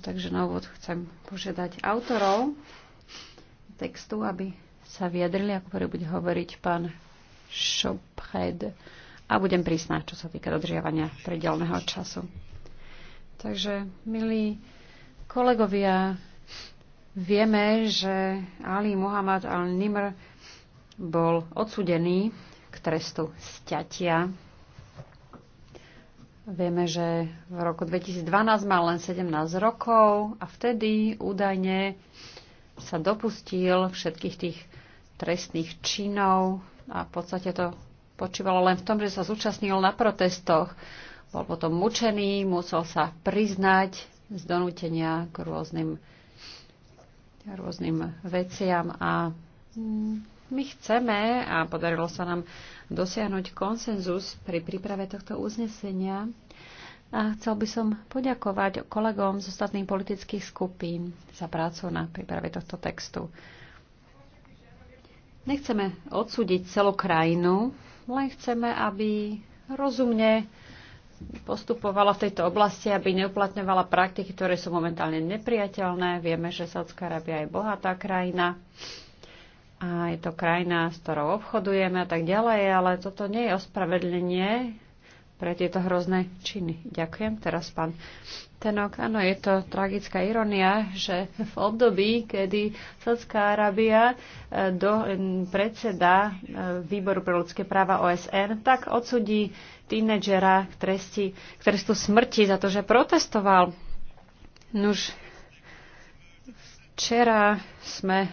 takže na úvod chcem požiadať autorov textu, aby sa vyjadrili, ako ktorý bude hovoriť pán Šophed. A budem prísna, čo sa týka dodržiavania predelného času. Takže, milí kolegovia, vieme, že Ali Muhammad al-Nimr bol odsudený k trestu sťatia Vieme, že v roku 2012 mal len 17 rokov a vtedy údajne sa dopustil všetkých tých trestných činov a v podstate to počívalo len v tom, že sa zúčastnil na protestoch. Bol potom mučený, musel sa priznať z donútenia k rôznym, rôznym veciam a mm, my chceme, a podarilo sa nám dosiahnuť konsenzus pri príprave tohto uznesenia, a chcel by som poďakovať kolegom z ostatných politických skupín za prácu na príprave tohto textu. Nechceme odsúdiť celú krajinu, len chceme, aby rozumne postupovala v tejto oblasti, aby neuplatňovala praktiky, ktoré sú momentálne nepriateľné. Vieme, že Sádska Arábia je bohatá krajina a je to krajina, s ktorou obchodujeme a tak ďalej, ale toto nie je ospravedlenie pre tieto hrozné činy. Ďakujem. Teraz pán Tenok. Áno, je to tragická ironia, že v období, kedy Sádzka Arábia e, do, e, predseda e, Výboru pre ľudské práva OSN, tak odsudí tínedžera k, tresti, k trestu smrti za to, že protestoval. Nuž, včera sme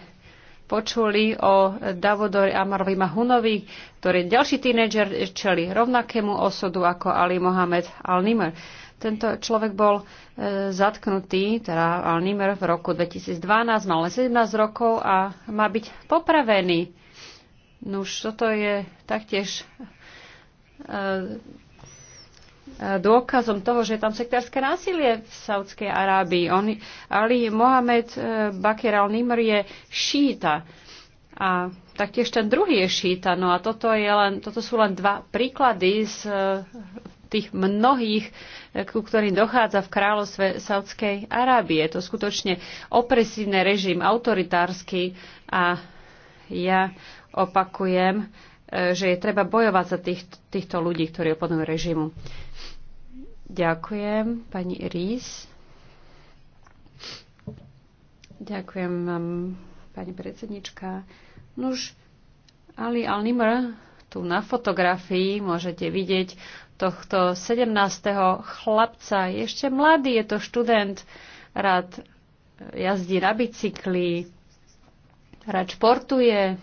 počuli o Davodori Amarovi Mahunovi, ktorý ďalší tínedžer čeli rovnakému osudu ako Ali Mohamed al Nimr. Tento človek bol e, zatknutý, teda al Nimr v roku 2012, mal len 17 rokov a má byť popravený. už toto je taktiež e, dôkazom toho, že je tam sektárske násilie v Saudskej Arábii. On, Ali Mohamed eh, Bakir al-Nimr je šíta a taktiež ten druhý je šíta. No a toto, je len, toto sú len dva príklady z eh, tých mnohých, eh, ku ktorým dochádza v kráľovstve Saudskej Arábie. Je to skutočne opresívny režim, autoritársky a ja opakujem, E, že je treba bojovať za tých, týchto ľudí, ktorí opodnú režimu. Ďakujem, pani Iris. Ďakujem vám, pani predsednička. Nuž, Ali Alnimr, tu na fotografii môžete vidieť tohto 17. chlapca. Je ešte mladý, je to študent, rád jazdí na bicykli, rád športuje,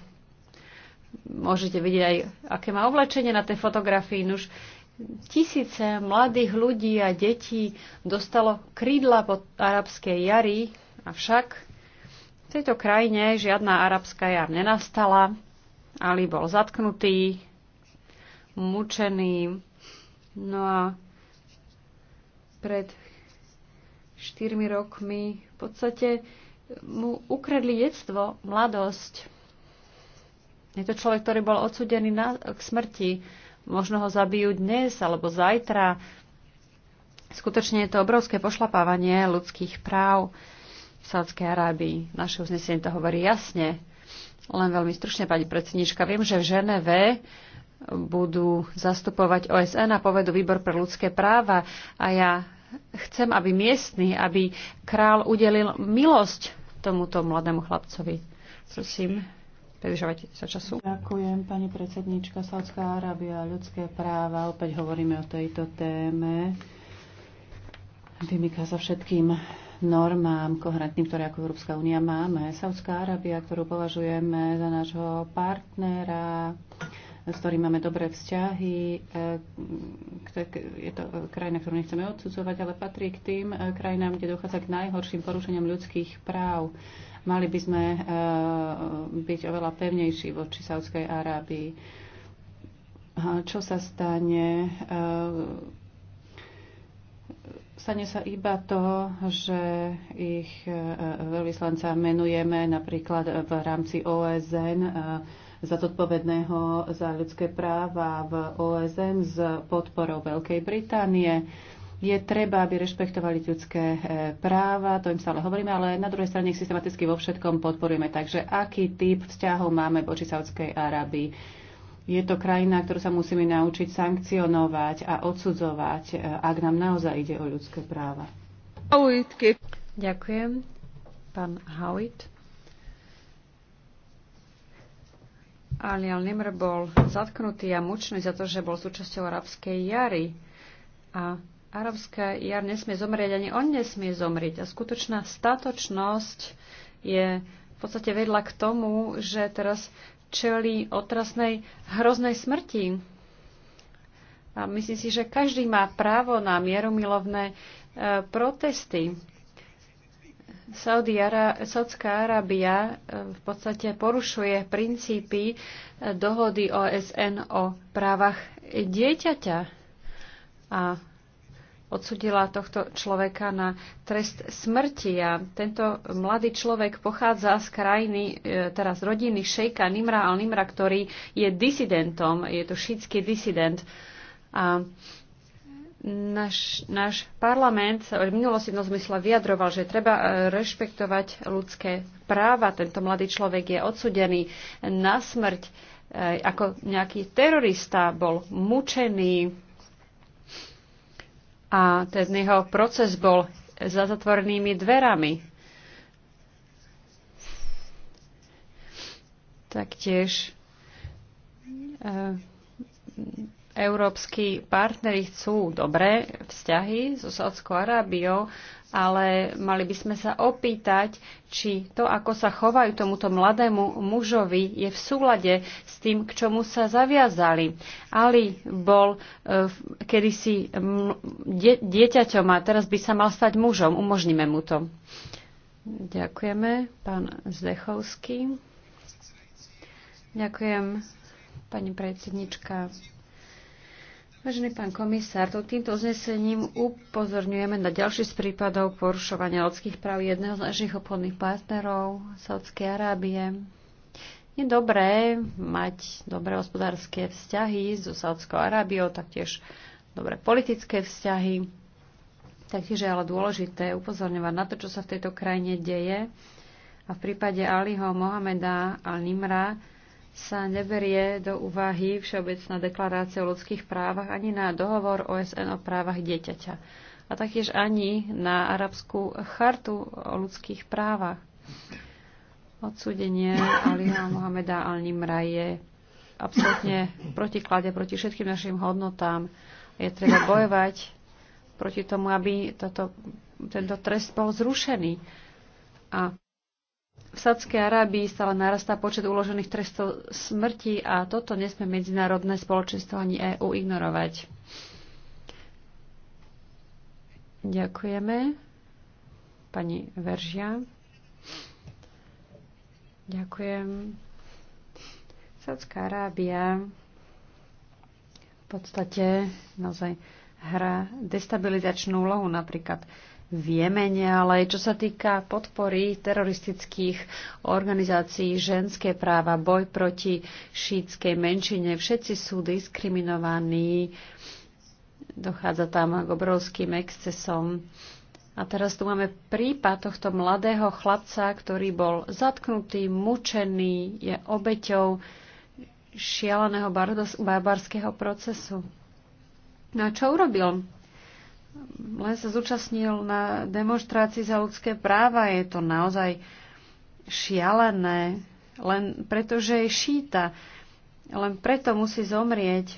môžete vidieť aj, aké má oblečenie na tej fotografii. Už tisíce mladých ľudí a detí dostalo krídla pod arabskej jary, avšak v tejto krajine žiadna arabská jar nenastala. Ali bol zatknutý, mučený. No a pred štyrmi rokmi v podstate mu ukradli detstvo, mladosť je to človek, ktorý bol odsudený na, k smrti. Možno ho zabijú dnes alebo zajtra. Skutočne je to obrovské pošlapávanie ľudských práv v Sádskej Arábii. Naše uznesenie to hovorí jasne. Len veľmi stručne, pani predsednička, viem, že v Ženeve budú zastupovať OSN a povedú výbor pre ľudské práva a ja chcem, aby miestny, aby král udelil milosť tomuto mladému chlapcovi. Prosím. Pridržavajte sa času. Ďakujem, pani predsednička. Saudská Arábia, ľudské práva. Opäť hovoríme o tejto téme. Vymýka sa všetkým normám koherentným, ktoré ako Európska únia máme. Saudská Arábia, ktorú považujeme za nášho partnera, s ktorým máme dobré vzťahy. E, je to krajina, ktorú nechceme odsudzovať, ale patrí k tým e, krajinám, kde dochádza k najhorším porušeniam ľudských práv. Mali by sme eh, byť oveľa pevnejší voči Saudskej Arábii. Čo sa stane? Eh, stane sa iba to, že ich eh, veľvyslanca menujeme napríklad v rámci OSN za zodpovedného za ľudské práva v OSN s podporou Veľkej Británie je treba, aby rešpektovali ľudské e, práva, to im stále hovoríme, ale na druhej strane ich systematicky vo všetkom podporujeme. Takže aký typ vzťahov máme voči Saudskej Arábii? Je to krajina, ktorú sa musíme naučiť sankcionovať a odsudzovať, e, ak nám naozaj ide o ľudské práva. Ďakujem. Pán Howitt. Alial Nimr bol zatknutý a mučný za to, že bol súčasťou arabskej jary. A arabská jar nesmie zomrieť, ani on nesmie zomrieť. A skutočná statočnosť je v podstate vedla k tomu, že teraz čeli otrasnej hroznej smrti. A myslím si, že každý má právo na mieromilovné e, protesty. Saudi Ara, Saudská Arábia e, v podstate porušuje princípy e, dohody OSN o právach dieťaťa. A odsudila tohto človeka na trest smrti. A tento mladý človek pochádza z krajiny, e, teraz rodiny šejka Nimra al-Nimra, ktorý je disidentom, je to šítsky disident. A náš, náš parlament sa v minulosti v zmysle vyjadroval, že treba e, rešpektovať ľudské práva. Tento mladý človek je odsudený na smrť, e, ako nejaký terorista bol mučený, a ten jeho proces bol za zatvorenými dverami. Taktiež e, európsky partneri chcú dobré vzťahy so Sádskou Arábiou, ale mali by sme sa opýtať, či to, ako sa chovajú tomuto mladému mužovi, je v súlade s tým, k čomu sa zaviazali. Ali bol uh, kedysi die, dieťaťom a teraz by sa mal stať mužom. Umožníme mu to. Ďakujeme, pán Zdechovský. Ďakujem, pani predsednička. Vážený pán komisár, to týmto uznesením upozorňujeme na ďalší z prípadov porušovania ľudských práv jedného z našich obchodných partnerov, Saudskej Arábie. Je dobré mať dobré hospodárske vzťahy so Saudskou Arábiou, taktiež dobré politické vzťahy. Taktiež je ale dôležité upozorňovať na to, čo sa v tejto krajine deje. A v prípade Aliho Mohameda Al-Nimra sa neberie do úvahy Všeobecná deklarácia o ľudských právach ani na dohovor OSN o právach dieťaťa a taktiež ani na Arabskú chartu o ľudských právach. Odsúdenie Aliha Mohameda Al-Nimra je absolútne protiklade proti všetkým našim hodnotám. Je treba bojovať proti tomu, aby toto, tento trest bol zrušený. A v Sadskej Arábii stále narastá počet uložených trestov smrti a toto nesme medzinárodné spoločenstvo ani EÚ ignorovať. Ďakujeme. Pani Veržia. Ďakujem. Sádzka Arábia v podstate naozaj hra destabilizačnú úlohu napríklad v Jemene, ale aj čo sa týka podpory teroristických organizácií, ženské práva, boj proti šítskej menšine, všetci sú diskriminovaní, dochádza tam k obrovským excesom. A teraz tu máme prípad tohto mladého chlapca, ktorý bol zatknutý, mučený, je obeťou šialeného barbarského procesu. No a čo urobil? len sa zúčastnil na demonstrácii za ľudské práva. Je to naozaj šialené, len preto, že je šíta. Len preto musí zomrieť.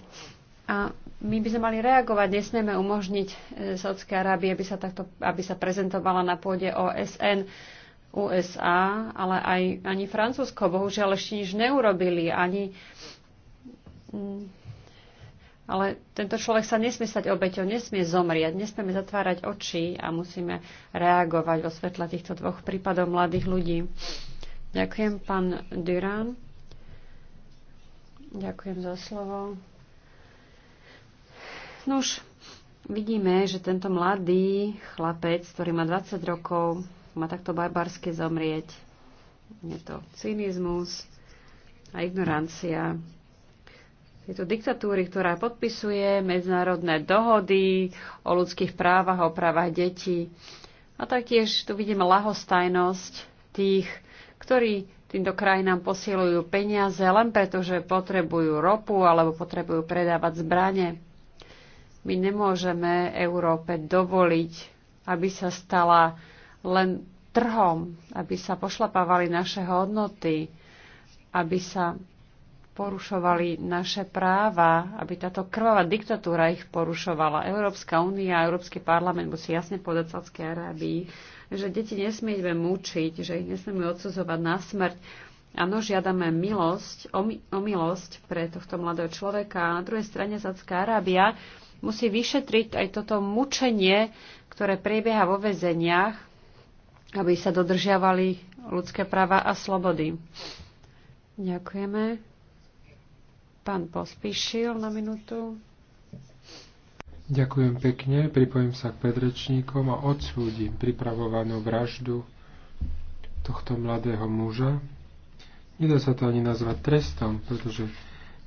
A my by sme mali reagovať, nesmieme umožniť e, Saudskej Arábie, aby sa, takto, aby sa prezentovala na pôde OSN, USA, ale aj ani Francúzsko. Bohužiaľ ešte nič neurobili, ani mm, ale tento človek sa nesmie stať obeťou, nesmie zomrieť, nesmieme zatvárať oči a musíme reagovať vo svetle týchto dvoch prípadov mladých ľudí. Ďakujem, pán Durán. Ďakujem za slovo. No už vidíme, že tento mladý chlapec, ktorý má 20 rokov, má takto barbarsky zomrieť. Je to cynizmus a ignorancia tejto diktatúry, ktorá podpisuje medzinárodné dohody o ľudských právach, o právach detí. A taktiež tu vidíme lahostajnosť tých, ktorí týmto krajinám posielujú peniaze len preto, že potrebujú ropu alebo potrebujú predávať zbranie. My nemôžeme Európe dovoliť, aby sa stala len trhom, aby sa pošlapávali naše hodnoty, aby sa porušovali naše práva, aby táto krvavá diktatúra ich porušovala. Európska únia Európsky parlament musí jasne povedať Sádskej Arábii, že deti nesmieme mučiť, že ich nesmieme odsudzovať na smrť. Áno, žiadame milosť, o, mi, o milosť pre tohto mladého človeka. A na druhej strane Sádska Arábia musí vyšetriť aj toto mučenie, ktoré prebieha vo väzeniach, aby sa dodržiavali ľudské práva a slobody. Ďakujeme. Pán Pospíšil na minútu. Ďakujem pekne, pripojím sa k predrečníkom a odsúdim pripravovanú vraždu tohto mladého muža. Nedá sa to ani nazvať trestom, pretože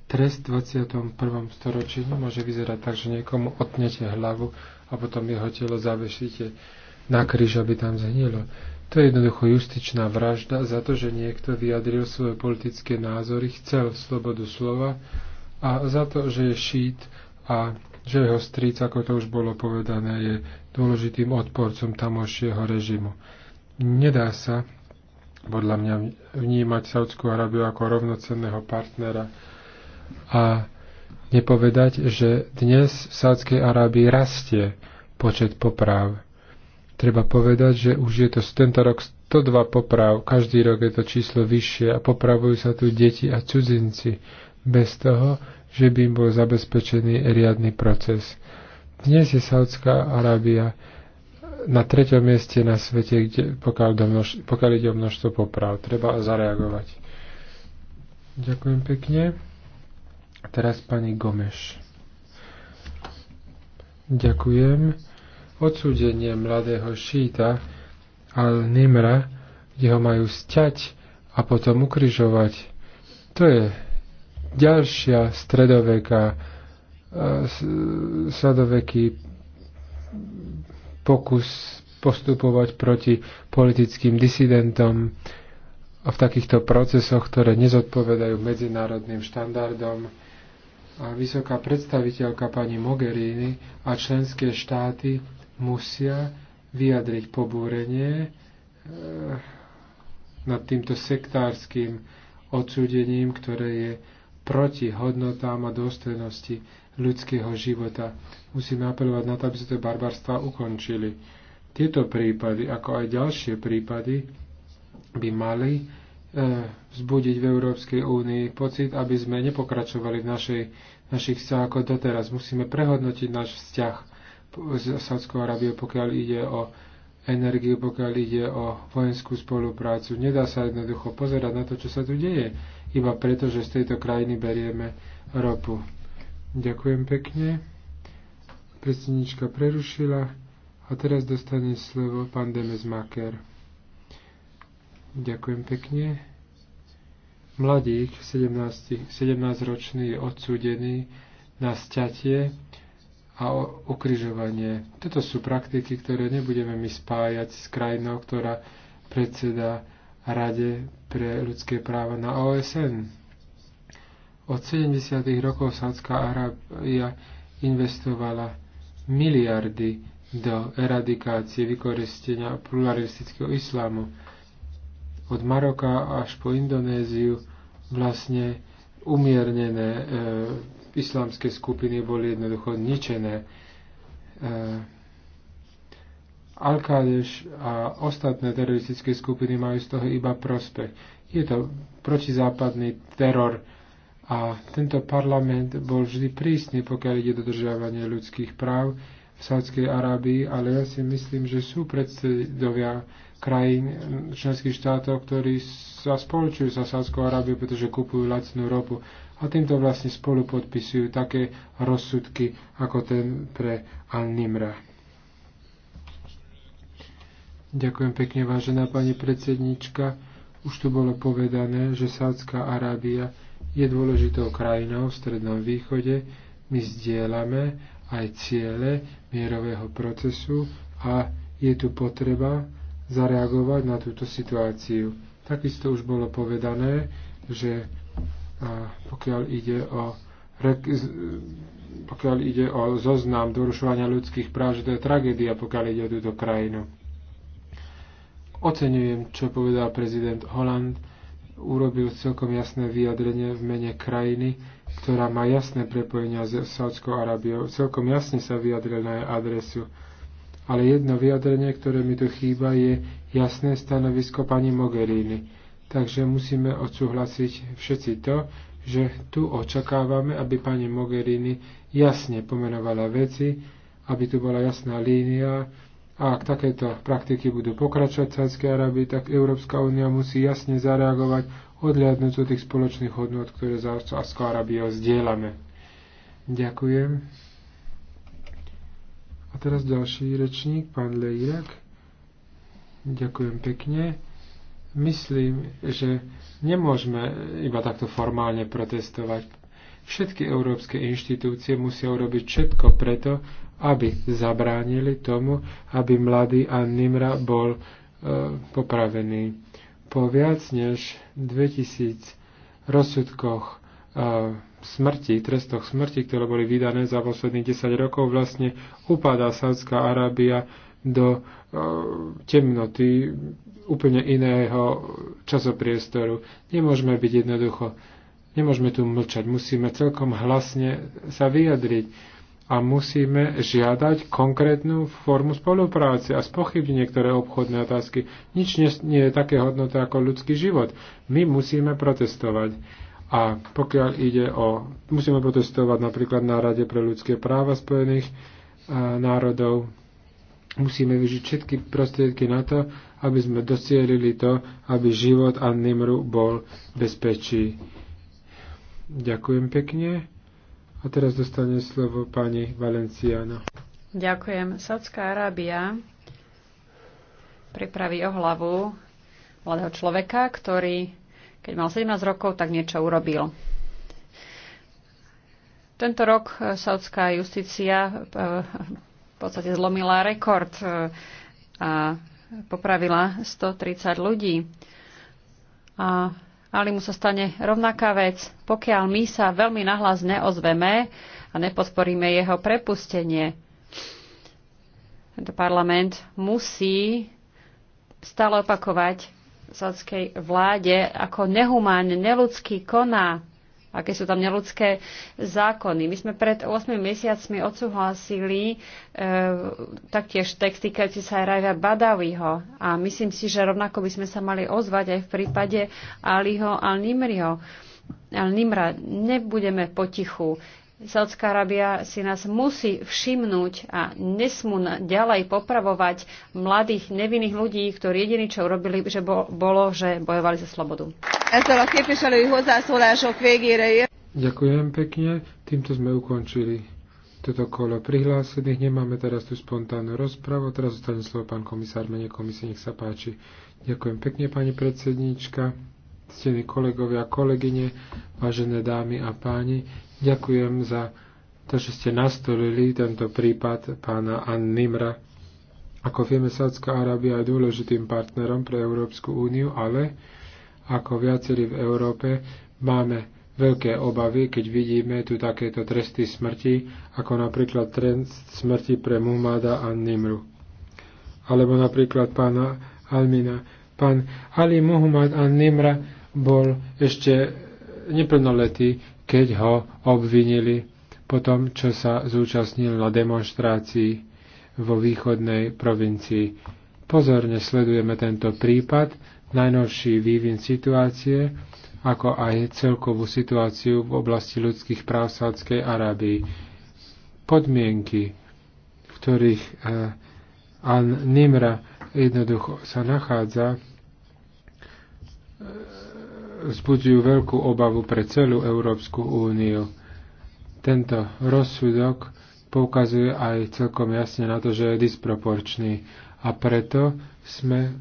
trest v 21. storočí môže vyzerať tak, že niekomu otnete hlavu a potom jeho telo zavešíte na kríž, aby tam zhnilo. To je jednoducho justičná vražda za to, že niekto vyjadril svoje politické názory, chcel slobodu slova a za to, že je šít a že jeho stríc, ako to už bolo povedané, je dôležitým odporcom tamošieho režimu. Nedá sa, podľa mňa, vnímať Saudskú Arabiu ako rovnocenného partnera a nepovedať, že dnes v Sádskej Arabii rastie počet popráv. Treba povedať, že už je to tento rok 102 poprav, každý rok je to číslo vyššie a popravujú sa tu deti a cudzinci bez toho, že by im bol zabezpečený riadny proces. Dnes je Saudská Arábia na treťom mieste na svete, kde, pokiaľ, množ, pokiaľ ide o množstvo poprav. Treba zareagovať. Ďakujem pekne. A teraz pani Gomeš. Ďakujem odsúdenie mladého šíta Al-Nimra, kde ho majú sťať a potom ukryžovať. To je ďalšia stredoveká e, sadoveký pokus postupovať proti politickým disidentom a v takýchto procesoch, ktoré nezodpovedajú medzinárodným štandardom. A vysoká predstaviteľka pani Mogherini a členské štáty musia vyjadriť pobúrenie e, nad týmto sektárským odsúdením, ktoré je proti hodnotám a dôstojnosti ľudského života. Musíme apelovať na to, aby sa tie barbarstva ukončili. Tieto prípady, ako aj ďalšie prípady, by mali e, vzbudiť v Európskej únii pocit, aby sme nepokračovali v našej, našich vzťahoch ako doteraz. Musíme prehodnotiť náš vzťah z Sádskou Arábiou, pokiaľ ide o energiu, pokiaľ ide o vojenskú spoluprácu. Nedá sa jednoducho pozerať na to, čo sa tu deje, iba preto, že z tejto krajiny berieme ropu. Ďakujem pekne. Predsednička prerušila a teraz dostane slovo pán Demes Maker. Ďakujem pekne. Mladík, 17-ročný, 17 je odsúdený na sťatie a ukrižovanie. ukryžovanie. Toto sú praktiky, ktoré nebudeme my spájať s krajinou, ktorá predseda Rade pre ľudské práva na OSN. Od 70. rokov Sádzka Arábia investovala miliardy do eradikácie vykoristenia pluralistického islámu. Od Maroka až po Indonéziu vlastne umiernené e, islamské skupiny boli jednoducho ničené. E, Al-Kádeš a ostatné teroristické skupiny majú z toho iba prospech. Je to protizápadný teror a tento parlament bol vždy prísny, pokiaľ ide dodržiavanie ľudských práv v Sádskej Arábii, ale ja si myslím, že sú predsedovia krajín členských štátov, ktorí sa spolčujú sa Sádskou Arábiou, pretože kupujú lacnú ropu a týmto vlastne spolu podpisujú také rozsudky ako ten pre Al-Nimra. Ďakujem pekne, vážená pani predsednička. Už tu bolo povedané, že Sádzka Arábia je dôležitou krajinou v Strednom východe. My zdieľame aj ciele mierového procesu a je tu potreba zareagovať na túto situáciu. Takisto už bolo povedané, že pokiaľ ide o pokiaľ ide o zoznam dorušovania ľudských práv, že to je tragédia, pokiaľ ide o túto krajinu. Oceňujem, čo povedal prezident Holland. Urobil celkom jasné vyjadrenie v mene krajiny, ktorá má jasné prepojenia s Saudskou Arábiou. Celkom jasne sa vyjadril na jej adresu. Ale jedno vyjadrenie, ktoré mi tu chýba, je jasné stanovisko pani Mogherini Takže musíme odsúhlasiť všetci to, že tu očakávame, aby pani Mogherini jasne pomenovala veci, aby tu bola jasná línia a ak takéto praktiky budú pokračovať v Sádskej Arabii, tak Európska únia musí jasne zareagovať odliadnúť od tých spoločných hodnot, ktoré za Sádskej Arabiou zdieľame. Ďakujem. A teraz ďalší rečník, pán Leirak. Ďakujem pekne. Myslím, že nemôžeme iba takto formálne protestovať. Všetky európske inštitúcie musia urobiť všetko preto, aby zabránili tomu, aby mladý Annimra Nimra bol e, popravený. Po viac než 2000 rozsudkoch e, smrti, trestoch smrti, ktoré boli vydané za posledných 10 rokov, vlastne upadá Sádska Arábia do e, temnoty úplne iného časopriestoru. Nemôžeme byť jednoducho, nemôžeme tu mlčať, musíme celkom hlasne sa vyjadriť a musíme žiadať konkrétnu formu spolupráce a spochybniť niektoré obchodné otázky. Nič nie, nie je také hodnoté ako ľudský život. My musíme protestovať. A pokiaľ ide o... Musíme protestovať napríklad na Rade pre ľudské práva Spojených e, národov. Musíme využiť všetky prostriedky na to, aby sme dosielili to, aby život a Nimru bol bezpečí. Ďakujem pekne. A teraz dostane slovo pani Valenciano. Ďakujem. Sádzka Arábia pripraví o hlavu mladého človeka, ktorý, keď mal 17 rokov, tak niečo urobil. Tento rok sádzka justícia e, podstate zlomila rekord e, a popravila 130 ľudí. A mu sa stane rovnaká vec, pokiaľ my sa veľmi nahlas neozveme a nepodporíme jeho prepustenie. Tento parlament musí stále opakovať sádskej vláde, ako nehumánne, neludský koná aké sú tam neludské zákony. My sme pred 8 mesiacmi odsúhlasili e, taktiež text týkajúci sa Rajva Badawiho a myslím si, že rovnako by sme sa mali ozvať aj v prípade Aliho Al-Nimriho. Al-Nimra, nebudeme potichu. Saudská Arábia si nás musí všimnúť a nesmú ďalej popravovať mladých nevinných ľudí, ktorí jediní čo urobili, že bo, bolo, že bojovali za slobodu. Ďakujem pekne. Týmto sme ukončili toto kolo prihlásených. Nemáme teraz tú spontánnu rozpravu. Teraz zostane slovo pán komisár, menej komisie, nech sa páči. Ďakujem pekne, pani predsednička, ctení kolegovia a kolegyne, vážené dámy a páni. Ďakujem za to, že ste nastolili tento prípad pána Ann Nimra. Ako vieme, Sádzka Arábia je dôležitým partnerom pre Európsku úniu, ale ako viacerí v Európe máme veľké obavy, keď vidíme tu takéto tresty smrti, ako napríklad trest smrti pre Mumada a Nimru. Alebo napríklad pána Almina. Pán Ali Muhammad a Nimra bol ešte neplnoletý, keď ho obvinili po tom, čo sa zúčastnil na demonstrácii vo východnej provincii. Pozorne sledujeme tento prípad, najnovší vývin situácie, ako aj celkovú situáciu v oblasti ľudských práv Sádskej Arábii. Podmienky, v ktorých eh, An Nimra jednoducho sa nachádza, eh, vzbudzujú veľkú obavu pre celú Európsku úniu. Tento rozsudok poukazuje aj celkom jasne na to, že je disproporčný a preto sme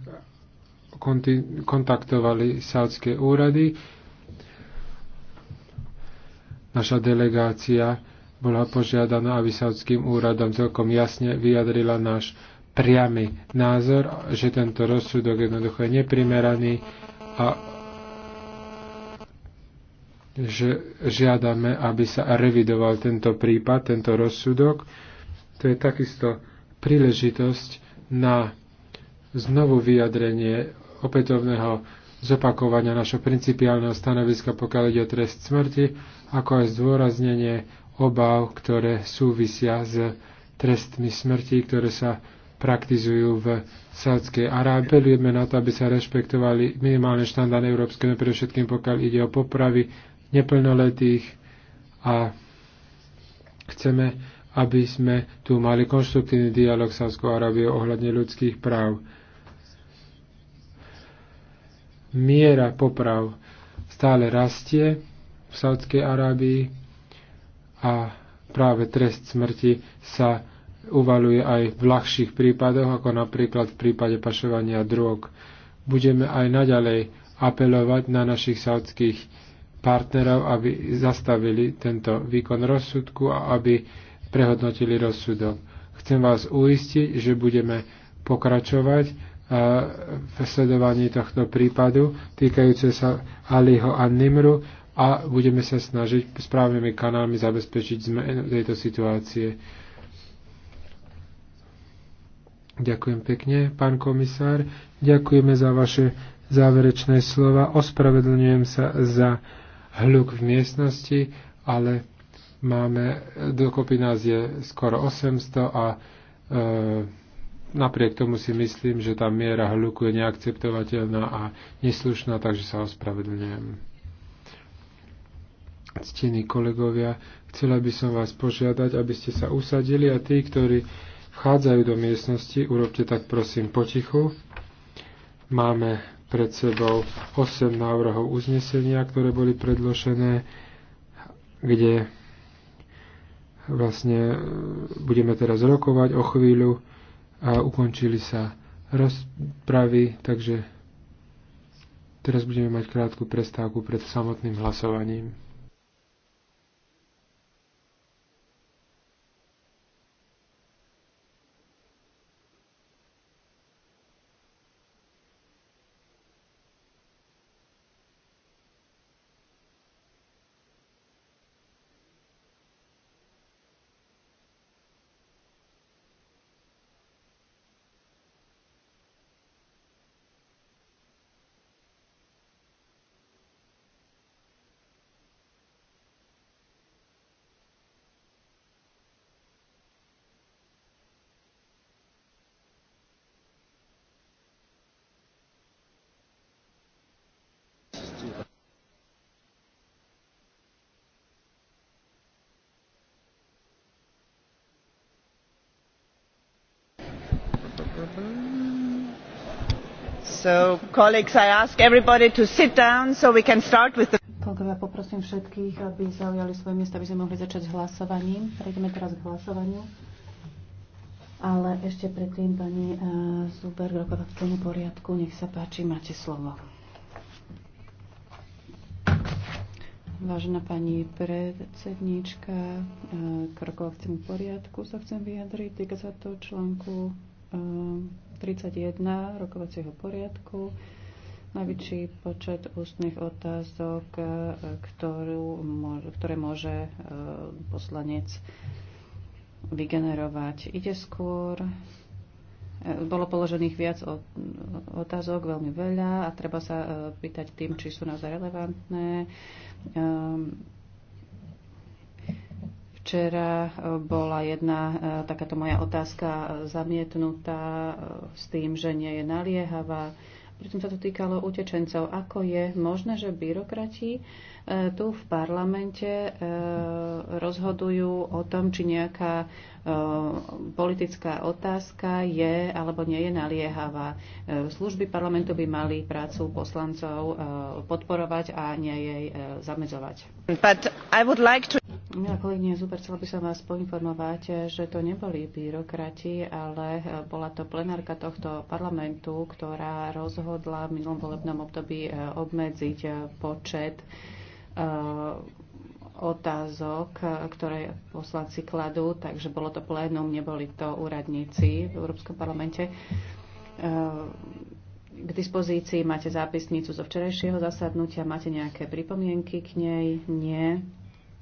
kontaktovali saudské úrady. Naša delegácia bola požiadaná, aby saudským úradom celkom jasne vyjadrila náš priamy názor, že tento rozsudok jednoducho je neprimeraný a že žiadame, aby sa revidoval tento prípad, tento rozsudok. To je takisto príležitosť na znovu vyjadrenie opätovného zopakovania našho principiálneho stanoviska, pokiaľ ide o trest smrti, ako aj zdôraznenie obav, ktoré súvisia s trestmi smrti, ktoré sa praktizujú v Sádskej Arábe. Apelujeme na to, aby sa rešpektovali minimálne štandardy európske, všetkým pokiaľ ide o popravy, neplnoletých a chceme, aby sme tu mali konštruktívny dialog s Sádskou ohľadne ľudských práv. Miera poprav stále rastie v Sádskej Arábii a práve trest smrti sa uvaluje aj v ľahších prípadoch, ako napríklad v prípade pašovania drog. Budeme aj naďalej apelovať na našich saudských partnerov, aby zastavili tento výkon rozsudku a aby prehodnotili rozsudok. Chcem vás uistiť, že budeme pokračovať e, v sledovaní tohto prípadu týkajúce sa Aliho a Nimru a budeme sa snažiť správnymi kanálmi zabezpečiť zmenu tejto situácie. Ďakujem pekne, pán komisár. Ďakujeme za vaše záverečné slova. Ospravedlňujem sa za hluk v miestnosti, ale máme, dokopy nás je skoro 800 a e, napriek tomu si myslím, že tá miera hluku je neakceptovateľná a neslušná, takže sa ospravedlňujem. Ctení kolegovia, chcela by som vás požiadať, aby ste sa usadili a tí, ktorí vchádzajú do miestnosti, urobte tak prosím potichu. Máme pred sebou 8 návrhov uznesenia, ktoré boli predložené, kde vlastne e, budeme teraz rokovať o chvíľu a ukončili sa rozpravy, takže teraz budeme mať krátku prestávku pred samotným hlasovaním. So, colleagues, I ask everybody to sit down so we can start with the... Kolegovia, poprosím všetkých, aby zaujali svoje miesta, aby sme mohli začať s hlasovaním. Prejdeme teraz k hlasovaniu. Ale ešte predtým, pani uh, Zuber, k poriadku, nech sa páči, máte slovo. Vážená pani predsedníčka, e, k rokovacímu poriadku sa chcem vyjadriť. Týka sa to článku 31 e, rokovacieho poriadku. Najväčší počet ústnych otázok, e, ktorú, ktoré môže poslanec vygenerovať. Ide skôr bolo položených viac otázok, veľmi veľa a treba sa e, pýtať tým, či sú naozaj relevantné. Ehm, včera e, bola jedna e, takáto moja otázka zamietnutá s tým, že nie je naliehavá pritom sa to týkalo utečencov. Ako je možné, že byrokrati e, tu v parlamente e, rozhodujú o tom, či nejaká e, politická otázka je alebo nie je naliehavá. Služby parlamentu by mali prácu poslancov podporovať a nie jej zamedzovať. But I would like to Milá kolegyňa Zuber, chcela by som vás poinformovať, že to neboli byrokrati, ale bola to plenárka tohto parlamentu, ktorá rozhodla v minulom volebnom období eh, obmedziť eh, počet eh, otázok, ktoré poslanci kladú, takže bolo to plénum, neboli to úradníci v Európskom parlamente. K dispozícii máte zápisnicu zo včerajšieho zasadnutia, máte nejaké pripomienky k nej? Nie.